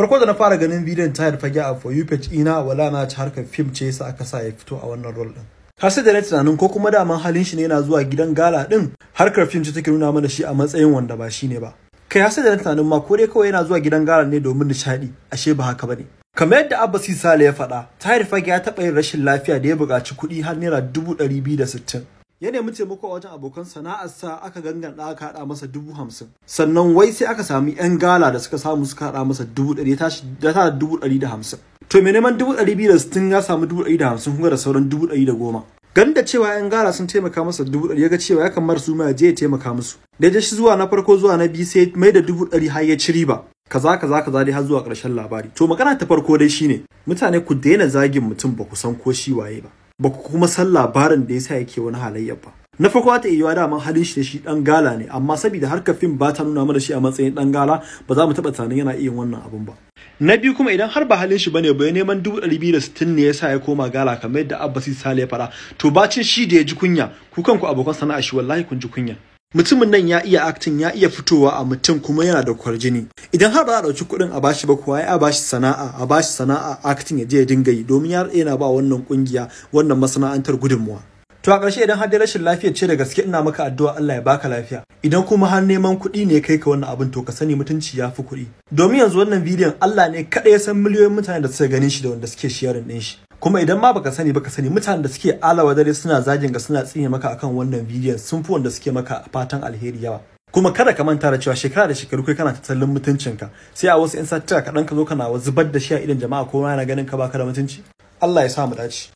farko da na fara ganin bidiyon tahir fage a for you page ina wala na ci harkar fim ce yasa aka sa ya fito a wannan role din har sai da na tunanin ko kuma daman halin shi ne yana zuwa gidan gala din harkar fim ce take nuna mana shi a matsayin wanda ba shi ne ba kai har sai da na tunanin ma ko dai kawai yana zuwa gidan gala ne domin nishadi ashe ba haka bane kamar yadda abbasi sale ya faɗa tahir fage ya taɓa yin rashin lafiya da ya buƙaci kuɗi har naira dubu ɗari biyu da sittin ya nemi taimako a wajen abokan sana'arsa aka ganganta aka haɗa masa dubu hamsin sannan wai sai aka sami yan gala da suka samu suka haɗa masa dubu ɗari da ta dubu ɗari da hamsin to mai neman dubu ɗari biyu da sittin ya samu dubu ɗari da hamsin kuma da sauran dubu ɗari da goma ganin da cewa yan gala sun taimaka masa dubu ɗari ya ga cewa ya kamar su ma ya je ya taimaka musu da ya shi zuwa na farko zuwa na biyu sai mai da dubu ɗari har ya ci riba kaza kaza kaza dai har zuwa ƙarshen labari to magana ta farko dai shine mutane ku daina zagin mutum ba ku san ko shi waye ba ba ku kuma san labarin da ya sa yake wani halayya ba na farko ta iya daman halin shi da shi dan gala ne amma saboda harka fim ba ta nuna mana shi a matsayin dan gala ba za mu taba tunanin yana iya wannan abun ba na biyu kuma idan har ba halin shi bane ba ya neman dubu ɗari biyu da sittin ne yasa ya koma gala kamar yadda abbasi sale ya fara to bacin shi da ya ji kunya ku kanku abokan sana'a shi wallahi kun ji kunya mutumin nan ya iya acting ya iya fitowa a mutum kuma yana da kwarjini idan har ba a dauki kuɗin a bashi ba kuwa a bashi sana'a a bashi sana'a acting ya je ya dinga yi domin ya yana ba wannan kungiya wannan masana'antar gudunmuwa to a ƙarshe idan har dai rashin lafiyar ce da gaske ina maka addu'a Allah ya baka lafiya idan kuma har neman kuɗi ne kai ka wannan abin to ka sani mutunci ya fi kuɗi domin yanzu wannan bidiyon Allah ne kaɗai ya san miliyoyin mutane da suka ganin shi da wanda suke sharing ɗin shi kuma idan ma baka sani baka sani mutanen da suke alawa dare suna zagin ga suna tsine maka akan wannan bidiyon sun fi wanda suke maka fatan alheri yawa kuma kada ka manta da cewa shekara da shekaru kai kana tattalin mutuncinka sai a wasu 'yan satira kaɗan ka zo kana zubar da shi a idan jama'a ko na ganin ka baka da mutunci Allah ya sa mu dace